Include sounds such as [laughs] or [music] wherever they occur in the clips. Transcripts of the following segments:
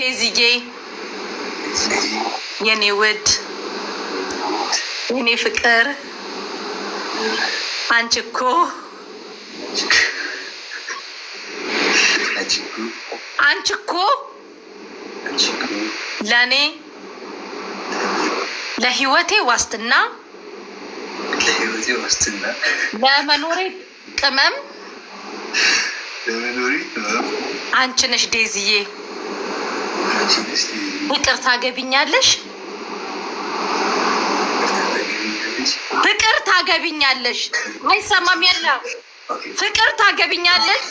ዴዚዬ የኔ ውድ የኔ ፍቅር አንቺ እኮ አንቺ እኮ ለእኔ ለህይወቴ ዋስትና ለመኖሬ ቅመም አንቺ ነሽ ዴዚዬ። ብቅር ታገብኛለሽ፣ ፍቅር ታገብኛለሽ። አይሰማም የለ ፍቅር ታገብኛለሽ።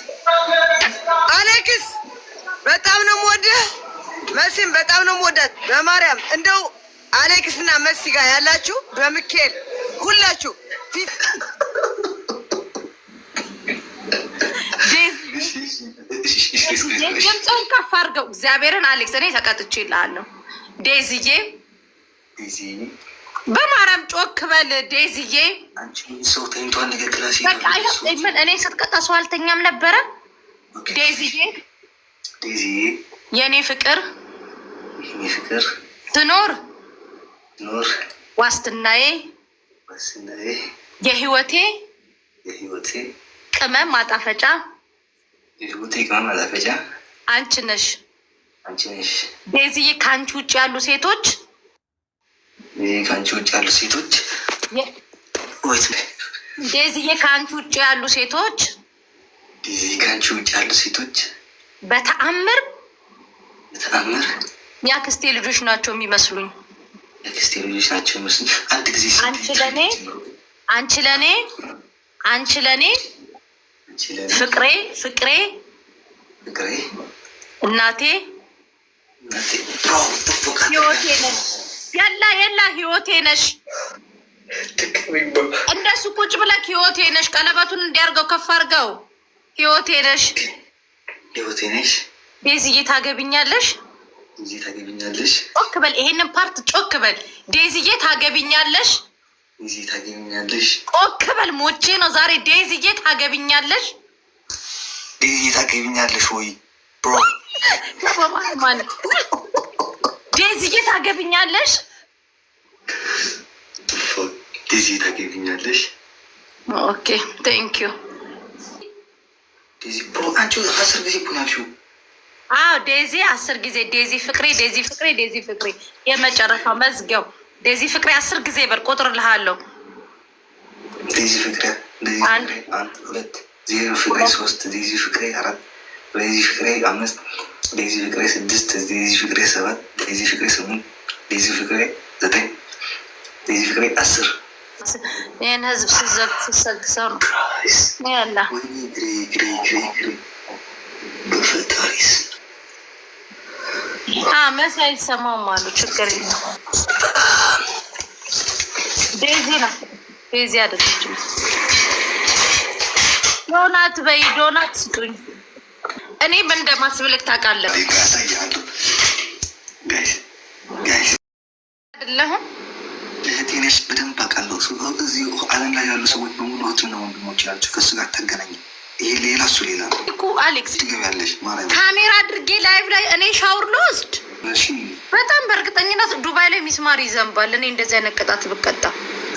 አሌክስ በጣም ነው የምወደው። መሲም በጣም ነው የምወዳት። በማርያም እንደው አሌክስና መሲ ጋር ያላችሁ በምኬል ሁላችሁ ድምፅህን ከፍ አድርገው። እግዚአብሔርን አሌክስ፣ እኔ ተቀጥቼ ይልሃለሁ። ዴዝዬ በማርያም ጮክ በል ዴዝዬ። እኔ ስትቀጣ ሰው አልተኛም ነበረ። ዴዝዬ የእኔ ፍቅር ትኖር ዋስትናዬ የህይወቴ ቅመም ማጣፈጫ አንቺ ነሽ ቤዚዬ። ከአንቺ ውጭ ያሉ ሴቶች ከአንቺ ውጭ ያሉ ሴቶች ቤዚዬ፣ ከአንቺ ውጭ ያሉ ሴቶች ከአንቺ ውጭ ያሉ ሴቶች በተአምር በተአምር የአክስቴ ልጆች ናቸው የሚመስሉኝ። የአክስቴ ልጆች ናቸው የሚመስሉኝ። አንድ ጊዜ አንቺ ለኔ አንቺ ለኔ አንቺ ለኔ ፍቅሬ ፍቅሬ እናቴ የላ የላ ህይወቴ ነሽ። እንደሱ ቁጭ ብለክ ህይወቴ ነሽ። ቀለበቱን እንዲያርገው ከፍ አርገው። ህይወቴ ነሽ ህይወቴ ነሽ። ቤዝዬ ታገብኛለሽ ታገብኛለሽ። ጮክ በል ይሄንን ፓርት ጮክ በል። ዴዝዬ ታገብኛለሽ ዴዚ ታገቢኛለሽ? ቆክ በል ሞቼ ነው ዛሬ። ዴዚዬ ታገቢኛለሽ? ዴዚ ታገቢኛለሽ ወይ? ብሮ ዴዚዬ ታገቢኛለሽ? ዴዚ ታገቢኛለሽ? ኦኬ ቴንክ ዩ ዴዚ። ብሮ አንቺ አስር ጊዜ ቡናልሽው አዎ ዴዚ አስር ጊዜ ዴዚ ፍቅሬ፣ ዴዚ ፍቅሬ፣ ዴዚ ፍቅሬ የመጨረሻው መዝጊያው ዴዚ ፍቅሬ አስር ጊዜ በል ቆጥርልሃለሁ። ዴዚ ፍቅሬ አንድ ሁለት ዜሮ ፍቅሬ ሶስት ዴዚ ፍቅሬ አራት ዴዚ ፍቅሬ አምስት ዴዚ ፍቅሬ ስድስት ዴዚ ፍቅሬ ሰባት ዴዚ ፍቅሬ ስምንት ዴዚ ፍቅሬ ዘጠኝ ዴዚ ፍቅሬ አስር ይህን ህዝብ ስዘግ ስሰግሰው ነው ያላ መሳይ ሰማም አሉ ችግር የለም ዴዚ ነው። ዴዚ አይደለችም። ዶናት በይ ዶናት ስጡኝ። እኔ ምን እንደማስብልክ ታውቃለህ አይደለህም? ጤናሽ በደንብ አውቃለሁ። እዚህ ዓለም ላይ ያሉ ሰዎች በሙሉ እህትና ወንድሞች ያላቸው ከሱ ጋር አታገናኝም። ይሄ ሌላ እሱ ሌላ እኮ አሌክስ ትገቢያለሽ። ካሜራ አድርጌ ላይቭ ላይ እኔ ሻውር ልወስድ በጣም በእርግጠኝነት ዱባይ ላይ ሚስማር ይዘንባል። እኔ እንደዚህ አይነት ቅጣት ብቀጣ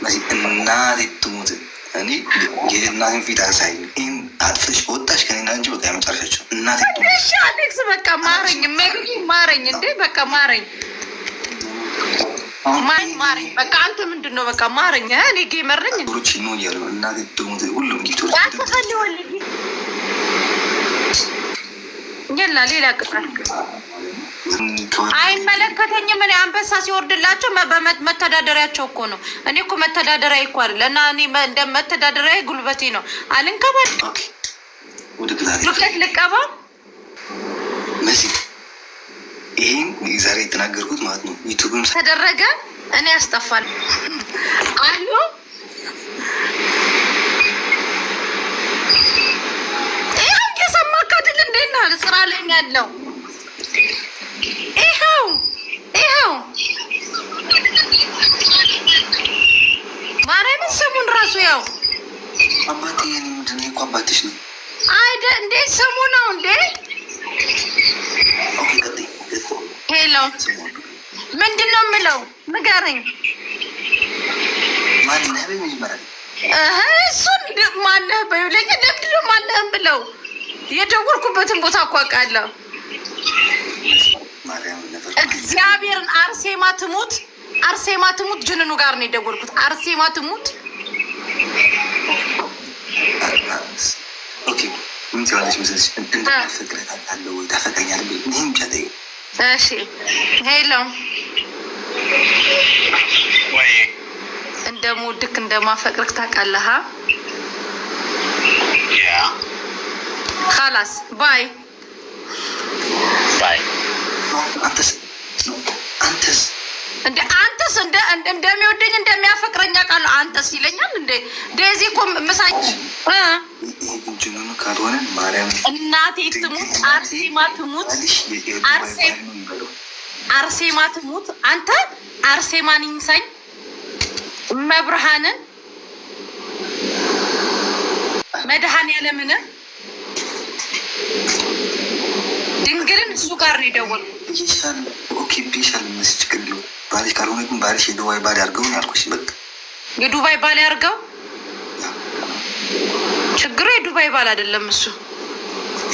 እነዚህ እናቴ ትሙት እኔ የእናትን ፊት አሳይ ይህን አጥፍሽ ወጣሽ ከኔና እንጂ በቃ የመጨረሻቸው እናቴ ትሙት። አሌክስ በቃ ማረኝ፣ ማረኝ እንዴ በቃ ማረኝ፣ ማረኝ፣ በቃ አንተ ምንድን ነው በቃ ማረኝ። እኔ ጌመር ነኝ ሌላ አይመለከተኝም። እኔ አንበሳ ሲወርድላቸው መተዳደሪያቸው እኮ ነው። እኔ እኮ መተዳደሪያ እኮ አይደል እና እኔ እንደ መተዳደሪያ ጉልበቴ ነው። አልንከባል ዱቄት ልቀባ ይህም ዛሬ የተናገርኩት ማለት ነው። ዩቱብም ተደረገ እኔ ያስጠፋል አሉ ይህ እየሰማህ አይደል? እንዴት ስራ ላይ ያለው ይኸው ይኸው ማርያምን ስሙን ራሱ ያው አባቴ የኔ ምንድን ነው እኮ አባትሽ ነው አይደ እንዴ ስሙ ነው እንዴ ሄሎ ምንድን ነው የምለው ንገረኝ እሱን ማለህ በይለኝ ለምንድን ነው ብለው የደወልኩበትን ቦታ አቋቃለሁ እግዚአብሔርን አርሴማ ትሙት፣ አርሴማ ትሙት። ጅንኑ ጋር ነው የደወልኩት። አርሴማ ትሙት። ምን ትይዋለሽ መሰለሽ? ወይ ይህም እሺ ሄሎ ታውቃለህ። ባይ ባይ አንተስ አንተስ እንደ አንተስ እንደ እንደሚወደኝ እንደሚያፈቅረኝ አውቃለሁ። አንተስ ይለኛል እንደ ዴዚ እኮ ምሳች እናቴ ትሙት አርሴማ ትሙት አርሴማ ትሙት አንተ አርሴማን ይንሳኝ መብርሃንን መድሃን ያለምን ድንግልን እሱ ጋር ነው የደወልኩት። ይሻል መስችግር ሊሆን ባሌ ካልሆነ ግን ባሌ የዱባይ ባሌ አድርገው ያልኩሽ በቃ የዱባይ ባሌ አድርገው ችግሩ የዱባይ ባል አይደለም እሱ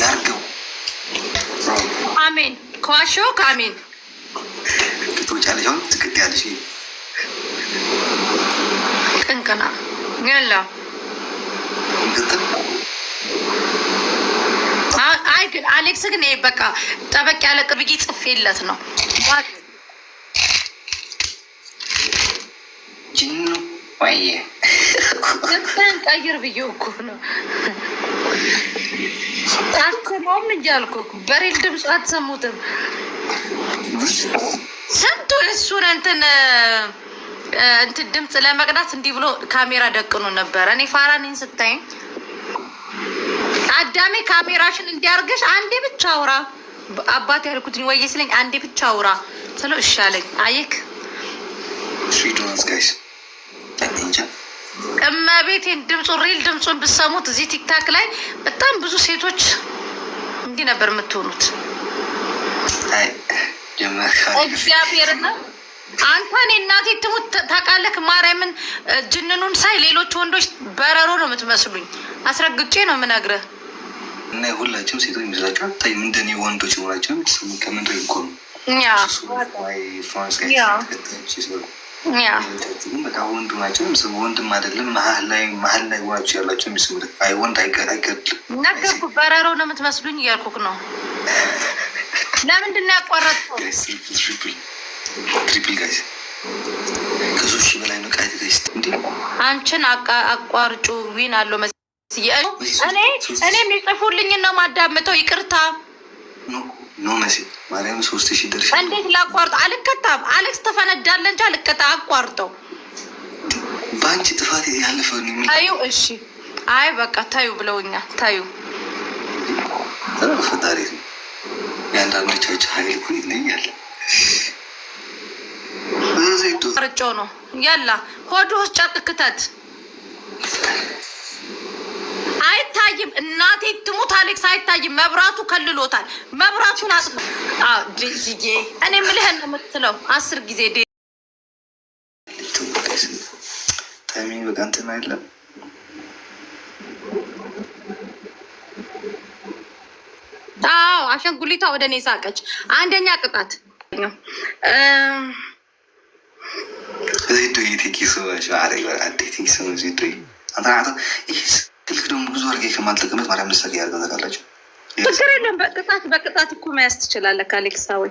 ያርገው። አሜን ከዋሸው ከአሜን ትወጫለሽ። አሁን ትክት ያለሽ ቅንቅና ያላ አይ ግን አሌክስ ግን ይሄ በቃ ጠበቅ ያለ ቅብጊ ጽፌለት ነው። ገብተን ቀይር ብዬ እኮ ነው። አትሰማውም እያልኩ በሬል ድምፅ አትሰሙትም። ስንቱ እሱን እንትን እንትን ድምፅ ለመቅዳት እንዲህ ብሎ ካሜራ ደቅኖ ነበረ። እኔ ፋራኒን ስታይም አዳሜ ካሜራሽን እንዲያርገሽ አንዴ ብቻ አውራ አባት ያልኩትን ወይ ስለኝ አንዴ ብቻ አውራ ስለ እሻለኝ አየክ እመቤቴን ድምፁ ሪል ድምፁን ብሰሙት እዚህ ቲክታክ ላይ በጣም ብዙ ሴቶች እንዲህ ነበር የምትሆኑት። እግዚአብሔር አንተ እኔ እናቴ ትሙት ታውቃለህ፣ ማርያምን ጅንኑን ሳይ ሌሎች ወንዶች በረሮ ነው የምትመስሉኝ። አስረግጬ ነው የምነግርህ። እና የሁላችንም ሴቶች ታይ እንደኔ ወንዶች የሆናቸው ከምንድ ይኮኑ በጣም ወንድ ናቸው። ወንድም አይደለም መሀል ላይ መሀል ላይ ሆናቸው ያላቸው የሚስሙ አይ ወንድ አይገድልም ነገርኩ። በረሮ ነው የምትመስሉኝ እያልኩክ ነው። ለምንድን ነው ያቋረጥኩት? ትሪፕል ጋይስ ከሶስት ሺህ በላይ ነው። ቃይ አንቺን አቋርጩ ዊን አለው መ እኔ የሚጽፉልኝን ነው ማዳምጠው። ይቅርታ እንዴት ላቋርጥ? አልከታም። አሌክስ ተፈነዳለ እንጂ አልከታ አቋርጠው። በአንቺ ጥፋት ያለፈ ታዩ። እሺ፣ አይ በቃ ታዩ ብለውኛል። ታዩ ፈጣሪ የአንዳንዶቻች ሀይል ኩ ይለኛል ርጮ ነው ያላ ሆድ ውስጥ ክተት እናቴ ትሙት አሌክስ አይታይም። መብራቱ ከልሎታል። መብራቱን አጥፎ ዴዚዬ፣ እኔ ምልህን የምትለው አስር ጊዜ ታይሚንግ በቃ እንትን አይደለም። አዎ አሸንጉሊቷ ወደ እኔ ሳቀች። አንደኛ ቅጣት ዜዶ ቴኪ ሰዎች አ ቴኪ ሰዎች ዜ ክልክ ደግሞ ብዙ አድርጌ ከማልጠቀመት ማርያም ምሳሌ ያደርገው ታውቃላችሁ። ችግር የለም በቅጣት በቅጣት እኮ መያዝ ትችላለህ። ከአሌክሳዊ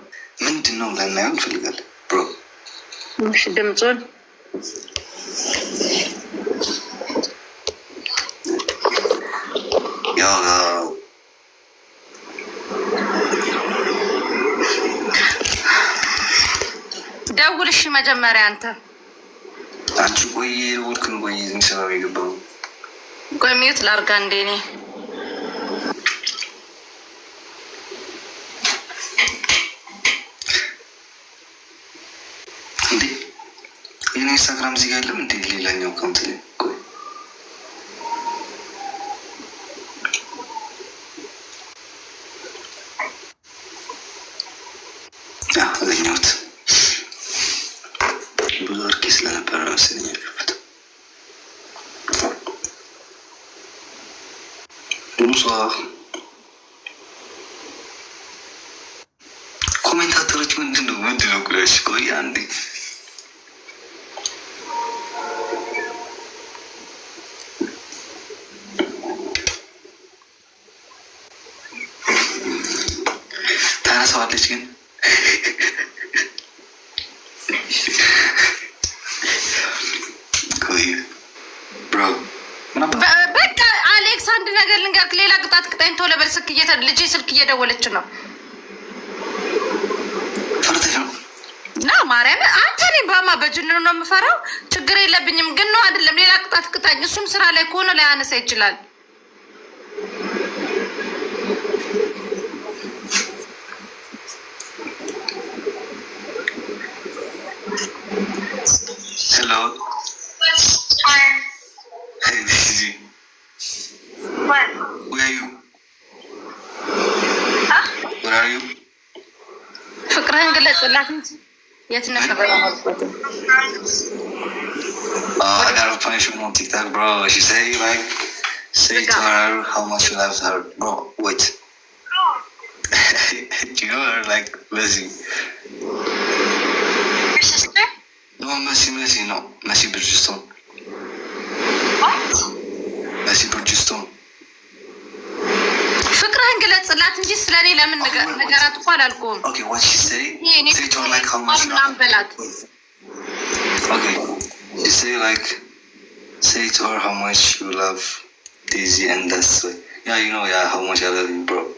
ምንድን ነው ለናየው እንፈልጋለን ብሮ ሽ ድምፁን ደውል እሺ። መጀመሪያ አንተ አንቺ ቆይ ውልክን ቆይ ሰበብ የገባው ቆይ ሚዩት ላርጋ እንዴ እኔ ኢንስታግራም እዚህ ጋር የለም እንዴ ሌላኛው አካውንት ላይ ጽሁፉ ጸሐፊ ኮሜንታተሮች ምንድን ነው ምንድን ነው ቆይ አንዴ ሞባይል ስልክ ልጄ ስልክ እየደወለች ነው እና ማርያም አንተ እኔ ባማ በጅንኑ ነው የምፈራው። ችግር የለብኝም ግን ነው አይደለም ሌላ ቅጣት ቅጣኝ። እሱም ስራ ላይ ከሆነ ሊያነሳ ይችላል። ሄሎ ቁጥርህን ግለጽላት እንጂ የት ነህ? መሲ ብርጅስቶን መሲ ብርጅስቶን ብላት እንጂ ስለ እኔ ለምን ነገራት እኮ አላልኩም። ምናምን በላት Say to her how much you love Daisy and that's yeah you know yeah how much I love you bro. [laughs]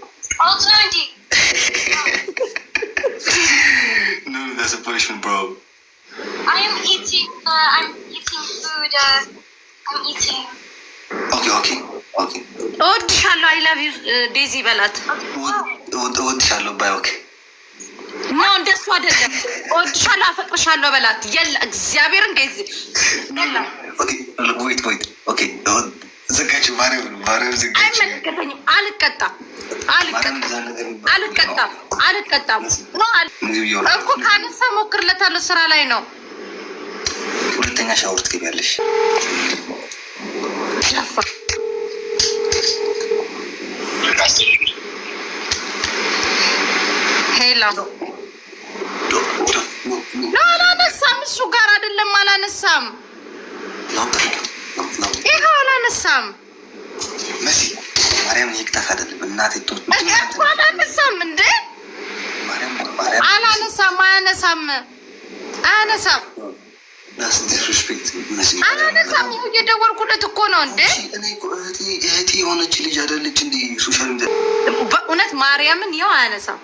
no, that's a punishment, bro. I am eating. Uh, I'm eating food. Uh, I'm eating. Okay, okay. እወድሻለሁ አይ ላቭ ዩ ዴዚ በላት። እወድሻለሁ ባይ ኦኬ እንደሱ አይደለም። እወድሻለሁ አፈቅርሻለሁ በላት። የለ እግዚአብሔርን ዴዚ ወይት ወይት ዘጋች። እኮ ከአነሳ ሞክርለታለሁ። ስራ ላይ ነው። ሁለተኛ ሻወር ትገቢያለሽ። ሄላ አላነሳም። እሱ ጋር አይደለም። አላነሳም። ይኸው አላነሳም። አላነሳም። እንደ አላነሳም። አያነሳም። አያነሳም አላነሳም እየደወልኩለት እኮ ነው እንዴ። እህቴ የሆነች ልጅ አይደለች እንደ ሶሻል ሚዲያ በእውነት ማርያምን ይኸው አያነሳም።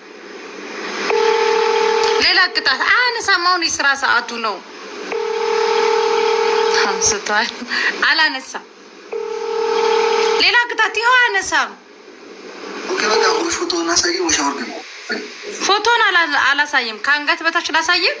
ሌላ ቅጣት አያነሳም። አሁን የስራ ሰዓቱ ነው። አንስቷል። አላነሳም። ሌላ ቅጣት ይኸው አያነሳም። ፎቶን አላሳይም። ከአንገት በታች ላሳየክ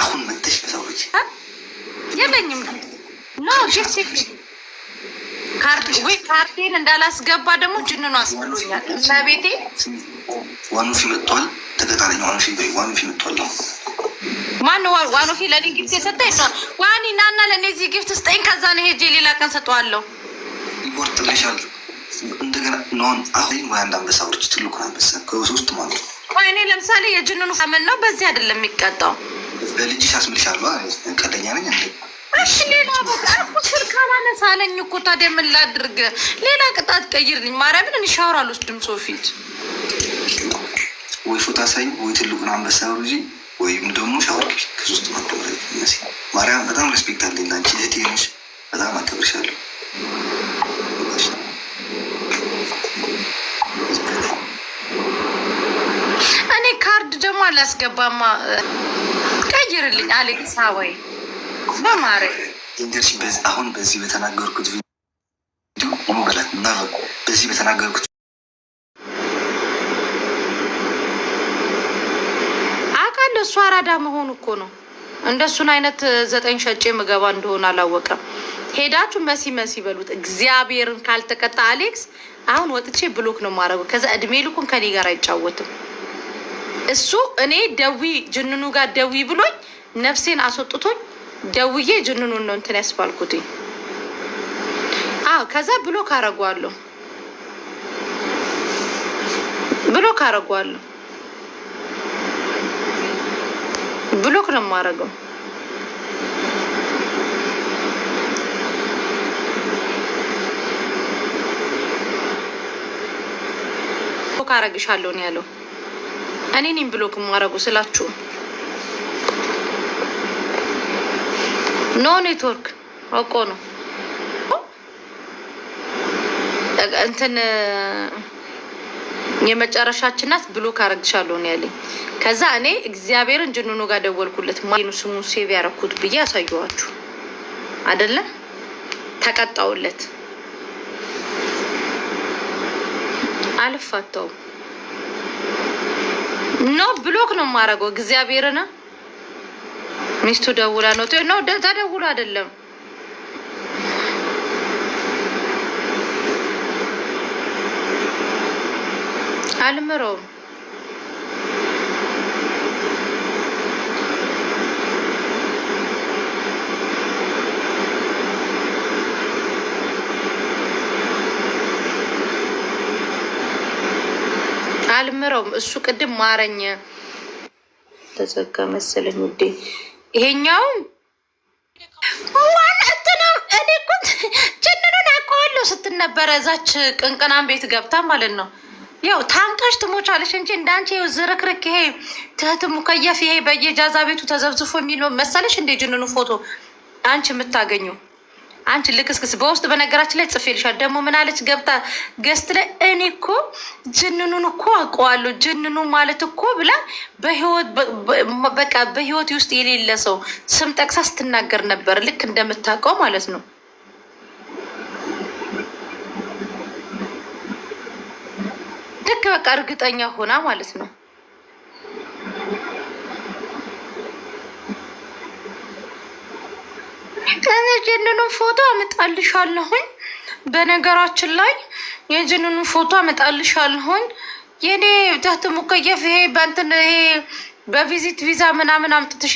አሁን መተሽ ከሰው ልጅ የለኝም ኖ ካርቴን እንዳላስገባ ደግሞ ጅንኑ አስመሎኛል። ለቤቴ ዋኖፊ መጥቷል። ተቀጣለኝ ዋኖፊ ዋኖፊ መጥቷል። ማነው ዋኖፊ ለእኔ ጊፍት የሰጠ ይሰል ዋኒ ናና ለእኔ እዚህ ጊፍት ስጠኝ። ከዛ ነው ሄጄ ሌላ ቀን ሰጠዋለሁ። ይቆርጥልሻል እንደገና ነሆን አሁን ወይ አንድ አንበሳ ብርጭ ትልቁን አንበሳ ከሶስት ማለት ነው ቆይ እኔ ለምሳሌ የጅንኑ አመን ነው በዚህ አይደለም የሚቀጣው። በልጅሽ አስምልሻለሁ። ቀደኛ ነኝ እሺ ሌላ በቃ ስልክ አላነሳለኝ እኮ ታዲያ ምን ላድርግ? ሌላ ቅጣት ቀይርልኝ። ማርያምን እኔ ሻወር አልወስድም። ሰው ፊት ወይ ፎታ ሳይኝ ወይ ትልቁን አንበሳ ብሉጂ ወይም ደግሞ ሻወር ከሶስት ማርያም፣ በጣም ሬስፔክት አለኝ ለአንቺ እህቴ ነሽ። በጣም አከብርሻለሁ። ውድ ደግሞ አላስገባማ። ቀይርልኝ አሌክሳ ወይ በማረ አሁን በዚህ በተናገርኩት በላት እና በዚህ በተናገርኩት አውቃለሁ። እሱ አራዳ መሆኑ እኮ ነው። እንደሱን አይነት ዘጠኝ ሸጬ ምገባ እንደሆነ አላወቀም። ሄዳችሁ መሲ መሲ በሉት። እግዚአብሔርን ካልተቀጣ አሌክስ አሁን ወጥቼ ብሎክ ነው ማረጉ ከዛ እድሜ ልኩን ከኔ ጋር አይጫወትም። እሱ እኔ ደዊ ጅንኑ ጋር ደዊ ብሎኝ ነፍሴን አስወጥቶኝ ደውዬ ጅንኑን ነው እንትን ያስባልኩትኝ። አዎ ከዛ ብሎ ካረጓለሁ ብሎ ካረጓለሁ ብሎክ ነው የማደርገው። ካረግሻለሁ ነው ያለው። እኔ እኔም ብሎክ ማረጉ ስላችሁ ኖ ኔትወርክ አውቆ ነው እንትን የመጨረሻችን ናት ብሎክ አረግሻለሁ ነው ያለኝ። ከዛ እኔ እግዚአብሔርን ጅኑኑ ጋር ደወልኩለት። ማኑ ስሙ ሴቭ ያረኩት ብዬ አሳየኋችሁ አደለ? ተቀጣውለት አልፋታውም። ኖ ብሎክ ነው የማደርገው። እግዚአብሔርን ሚስቱ ደውላ ነው ኖ ተደውሎ አይደለም አልምረውም አልምረውም። እሱ ቅድም ማረኝ ተዘጋ መሰለኝ ውዴ። ይሄኛውም ዋና እኔ እኮ አውቀዋለሁ ስትል ነበረ እዛች ቅንቅናን ቤት ገብታ ማለት ነው። ያው ታንቀሽ ትሞቻለሽ እንጂ እንዳንቺ ይኸው ዝርክርክ ይሄ ትህት ሙከየፍ ይሄ በየጃዛ ቤቱ ተዘብዝፎ የሚል መሰለሽ እንደ ጅንኑ ፎቶ አንቺ የምታገኘው አንቺ ልክስክስ በውስጥ በነገራችን ላይ ጽፌልሻል። ደግሞ ምናለች ገብታ ገስት ላይ እኔ እኮ ጅንኑን እኮ አውቀዋለሁ ጅንኑ ማለት እኮ ብላ በህይወት በቃ በህይወት ውስጥ የሌለ ሰው ስም ጠቅሳ ስትናገር ነበር። ልክ እንደምታውቀው ማለት ነው። ልክ በቃ እርግጠኛ ሆና ማለት ነው። የጀንኑን ፎቶ አመጣልሻለሁኝ። በነገራችን ላይ የጀንኑን ፎቶ አመጣልሻለሁኝ። የኔ ዛት ሙከየፍ ይሄ በንትን ይሄ በቪዚት ቪዛ ምናምን አምጥተሽ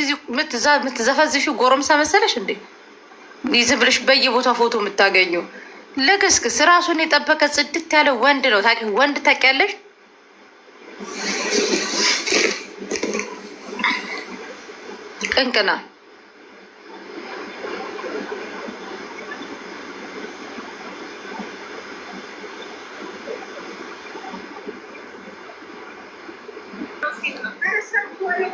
ምትዘፈዝሽ ጎረምሳ መሰለሽ እንዴ? ይዝ ብለሽ በየቦታ ፎቶ የምታገኙ ልክስክስ ራሱን የጠበቀ ጽድት ያለ ወንድ ነው። ታ ወንድ ታውቂያለሽ? ቅንቅና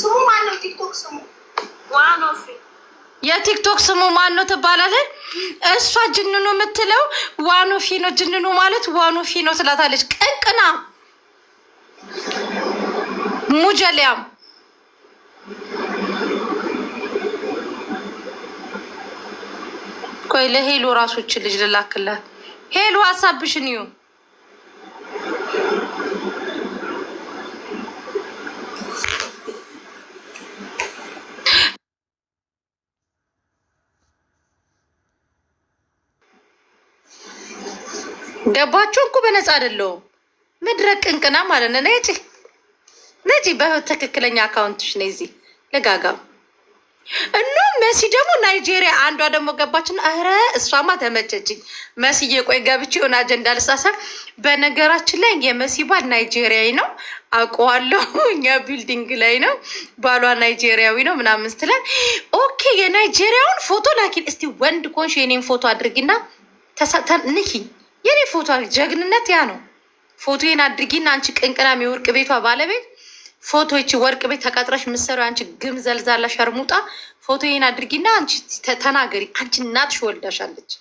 ስሙ ማነው? የቲክቶክ ስሙ የቲክቶክ ስሙ ማን ነው ትባላለች። እሷ ጅንኑ የምትለው ዋኖፊ ነው። ጅንኑ ማለት ዋኖፊ ነው ትላታለች። ቅንቅና ሙጀሊያም ቆይ ለሄሎ ራሶችን ልጅ ልላክላት። ሄሎ ሀሳብሽን ይሁን ገባችሁ እኮ በነፃ አይደለሁም። መድረቅ ቅንቅና ማለት ነው። ነጭ ነጭ በትክክለኛ አካውንትሽ ነው። እዚህ ልጋጋም እኖ መሲ ደግሞ ናይጄሪያ አንዷ ደግሞ ገባችን። አረ እሷማ ተመቸችኝ። መሲ የቆይ ገብቼ የሆነ አጀንዳ ልሳሳብ። በነገራችን ላይ የመሲ ባል ናይጄሪያዊ ነው አውቀዋለሁ። [laughs] እኛ ቢልዲንግ ላይ ነው ባሏ ናይጄሪያዊ ነው ምናምን ስትለን፣ ኦኬ የናይጄሪያውን ፎቶ ላኪን እስቲ። ወንድ ኮንሽ የኔን ፎቶ አድርጊና ንኪ የኔ ፎቶ ጀግንነት ያ ነው። ፎቶዬን አድርጊና አንቺ ቅንቅናም የወርቅ ቤቷ ባለቤት ፎቶ ይቺ ወርቅ ቤት ተቀጥረሽ ምሰሩ አንቺ ግም ዘልዛላ ሸርሙጣ ፎቶዬን አድርጊና አንቺ ተናገሪ። አንቺ እናትሽ ወልዳሻለች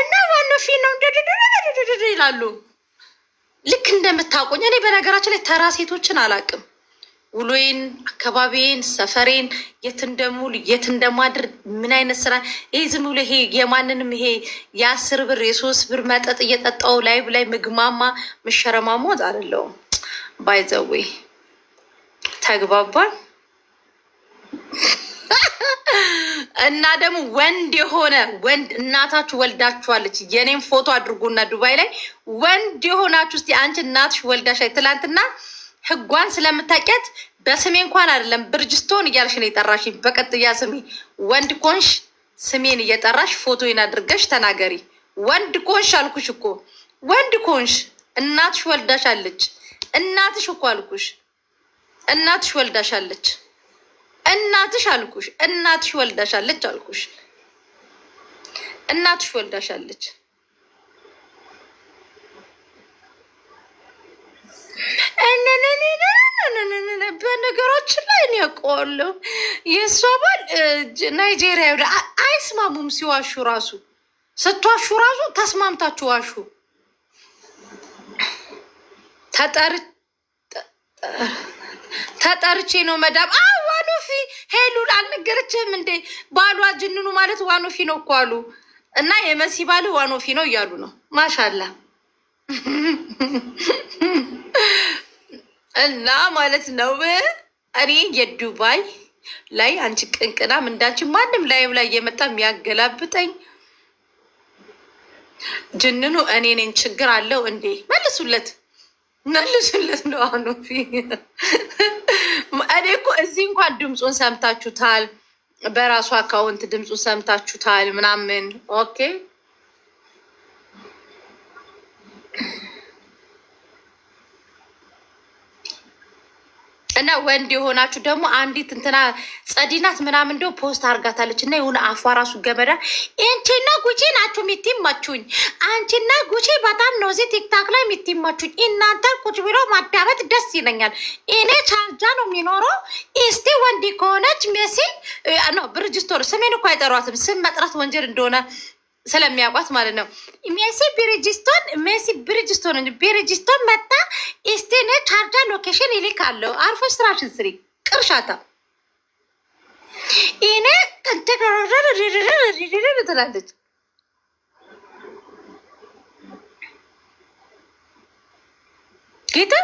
እና ዋናው ፊ ነው ይላሉ ልክ እንደምታቆኝ። እኔ በነገራችን ላይ ተራ ሴቶችን አላቅም። ውሎዬን፣ አካባቢዬን፣ ሰፈሬን የት እንደሙል የት እንደማድር ምን አይነት ስራ ይህ ዝም ብሎ ይሄ የማንንም ይሄ የአስር ብር የሶስት ብር መጠጥ እየጠጣው ላይ ላይ ምግማማ ምሸረማሞት አይደለውም። ባይዘዌ ተግባባን። እና ደግሞ ወንድ የሆነ ወንድ እናታችሁ ወልዳችኋለች። የኔም ፎቶ አድርጎና ዱባይ ላይ ወንድ የሆናችሁ እስኪ አንቺ እናትሽ ወልዳሽ ትላንትና ህጓን ስለምታውቂያት በስሜ እንኳን አይደለም ብርጅስቶን እያልሽ ነው የጠራሽ። በቀጥያ ስሜ ወንድ ኮንሽ ስሜን እየጠራሽ ፎቶዬን አድርገሽ ተናገሪ። ወንድ ኮንሽ አልኩሽ እኮ ወንድ ኮንሽ። እናትሽ ወልዳሻለች። እናትሽ እኮ አልኩሽ። እናትሽ ወልዳሻለች። እናትሽ አልኩሽ። እናትሽ ወልዳሻለች አልኩሽ። እናትሽ ወልዳሻለች። በነገራችን ላይ እኔ የእሷ ባል አይስማሙም። ሲዋሹ ራሱ ስትዋሹ ራሱ ተስማምታችሁ ዋሹ። ተጠርቼ ነው መዳም ዋኖፊ ሄሉን እንዴ? ባሏ ጅንኑ ማለት ዋኖፊ ነው እኮ አሉ እና የመሲ ባል ዋኖፊ ነው እያሉ ነው። ማሻላ እና ማለት ነው እኔ የዱባይ ላይ አንቺ ቅንቅና ምንዳችን ማንም ላይም ላይ እየመጣ የሚያገላብጠኝ ጅንኑ እኔ ነኝ። ችግር አለው እንዴ? መልሱለት፣ መልሱለት ነው አሁኑ። እኔ እኮ እዚህ እንኳን ድምፁን ሰምታችሁታል፣ በራሱ አካውንት ድምፁን ሰምታችሁታል ምናምን ኦኬ እና ወንድ የሆናችሁ ደግሞ አንዲት እንትና ጸዲናት ምናምን እንደው ፖስት አርጋታለች እና የሆነ አፏ ራሱ ገመዳ እንቺና ጉቺ ናችሁ የሚትማችሁኝ፣ አንቺና ጉቺ በጣም ነው እዚህ ቲክታክ ላይ የሚትማችሁኝ። እናንተ ቁጭ ብሎ ማዳመጥ ደስ ይለኛል። እኔ ቻርጃ ነው የሚኖረው። እስቲ ወንድ ከሆነች ሜሲ ነው ብርጅስቶር ስሜን እኮ አይጠሯትም። ስም መጥራት ወንጀል እንደሆነ ስለሚያውቋት ማለት ነው። ሜሲ ብሪጅስቶን ሜሲ ብሪጅስቶን እ ብሪጅስቶን መጣ ኢስቴኔ ቻርጃ ሎኬሽን አለው። አርፎ ስራሽን ስሪ ቅርሻታ ይኔ ትላለች። ጌታ